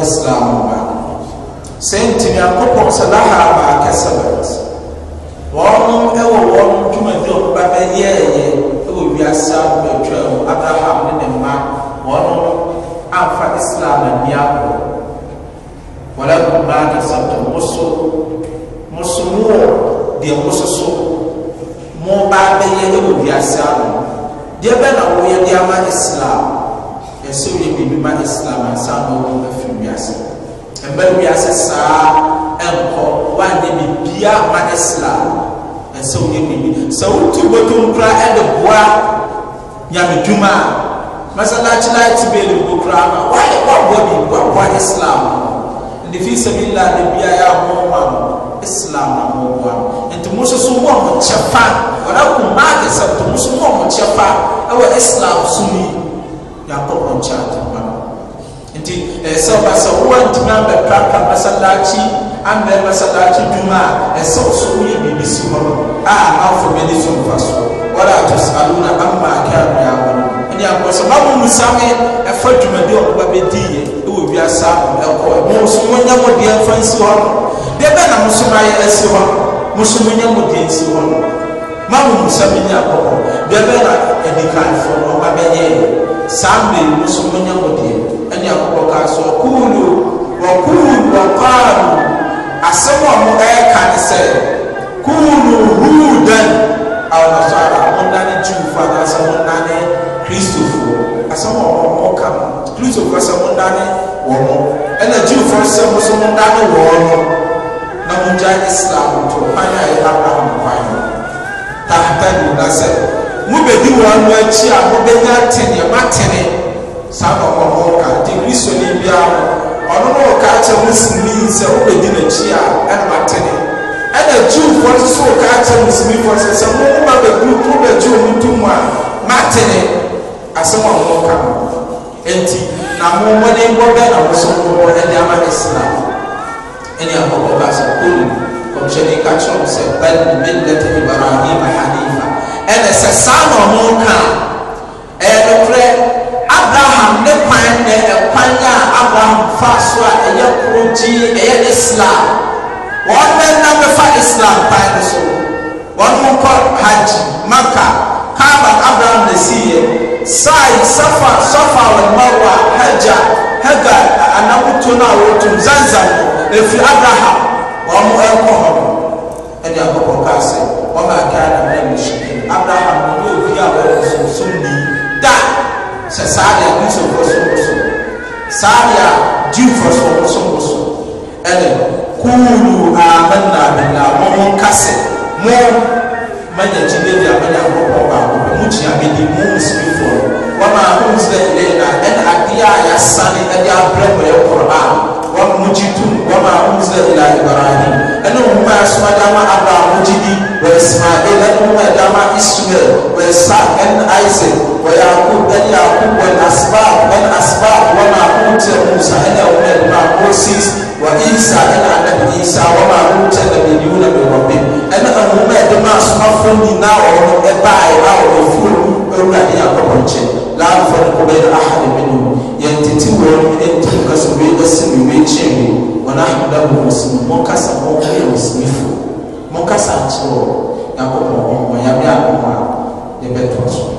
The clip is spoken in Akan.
islam ba sɛnti nyankopɔn sɛ laha baaka sabat wɔn wɔ wɔn dwumadi a ɔba bɛyɛɛyɛ wɔ wiase abɛtwa mu abraham ne ne mma wɔn amfa islam ani abɔ wɔlɛ mmaa na sɛnto moso moso mu wɔ deɛ moso so mo ba bɛyɛ wɔ wiase ano deɛ bɛ na wɔyɛ de ama islam ɛsɛ woyɛ biribi ma islam ansa na wɔn afiri wiase mmaa wiase saa ɛnkɔ wɔanyɛ biribia ma islam ɛsɛ woyɛ biribi sɛ wotu bɔtɔm kura ɛde boa nyamedwuma a masalaakyi na ɛte beeli bɔ kura ama wɔayɛ wɔabɔ bi wɔaboa islam ne fi sɛbi la ne bia yɛ ahoɔ ma no islam na mo boa nti mo nso so wɔn mo kyɛ fa wɔn akɔ maa de sɛ mo nso wɔn mo kyɛ fa ɛwɔ islam so yi yɛakɔ kɔnkyɛ adwuma nti ɛsɛ eh, ɔba sɛ wowantumi ambɛprapra masalakyi ambɛ masalakyi dwuma a ɛsɛ wo so woyɛ biribi si hɔ no a amamfo m'ani so mfa so wɔde ato salona amma akano yɛabɔno ɛne akɔ sɛ mamomu same ɛfa dwumadi ɔboba bɛdiiɛ ɛwɔ wiasa ɛkɔ mo so monyɛ mo deɛ mfa nsi hɔ no deɛ bɛ na mosom ayɛ asi hɔ no moso monyɛ mo deɛ nsi hɔ no mamomu same nyɛ akɔkɔ deɛ bɛ na adikanfoɔ no ɔba bɛyɛɛ saa mmɛn no so wɔnya wɔdeɛ ɛne akokɔ kaa so ɔkuulu wɔkuulu wɔkaalu asɛm a wɔɛka ne sɛ kuulu huudan a wɔnasara wɔnane jiwfo anaasɛ wɔnane kristofo asɛm a wɔmɔka no kristofo sɛ wɔnane wɔn ɛna jiwfo sɛ wɔso wɔnane wɔn no na wɔgya islam to kwan a ɛyɛ abraham kwan no tahta nuna sɛ di wɔ ano akyi a mobɛnya teneɛ matene saa na ɔmɔbɔ ka de kristoni biara mo ɔno no wɔka akyerɛ muslimin sɛ di n'akyi a ɛna matene ɛna jiwfoɔ no so wɔka akyerɛ muslimfoɔ sɛ sɛ mo woba bɛgu wobɛgye wo mu tom a matene asɛm a ɔmɔ no enti na mo mmɔden bɔ bɛ na mo so mmɔbɔ ɛde ama islam ɛne akɔbɔ baasa kɔmu kɔmhyɛne ka kyerɛ mo sɛ bɛn millati saa na ɔmo ka ɛyɛ nokorɛ abraham ne kwan ne ɛkwan a abraham fa so a ɛyɛ kuro gyi ɛyɛ islam wɔn bɛ nam bɛfa islam kwan no so wɔn mo kɔ hajj maka kaaba abraham na si yɛ saai safa safa wɔn marwa hajja haga anakuto no a zanzan efi abraham wɔn mo ɛkɔ hɔ no akɔkɔ kaa sɛ wɔn a. wɔso wɔso saa deɛ a jiwfo so wɔso wɔso ɛne kuulu amanna abɛnna wɔn mo nka sɛ mo manya gyina di amanya nkɔkɔ baako pɛ mo gyina bɛdi mo nsiri foro wɔn a mo nsiri ɛyɛ na ɛna adeɛ a yasane ɛde abrɛ mo yɛ kɔrɔ a wɔn mo gyi tum wɔn a mo nsiri ɛyɛ na ibrahim ɛna wɔn a yasoma dama aba a mo gyi di wɔ ismael ɛna wɔn a dama ismael wɔ isa ɛna isaac wɔ yaakub ɛna yaakub wɔ asbaa. نفرق بين أحد منهم ينتتوى ينتفق سبيل السمي ويتشعي ونحن له مسلم مكسا موقع مسلمفو مكسا تشعر يقول الله يبيع الله يبتوى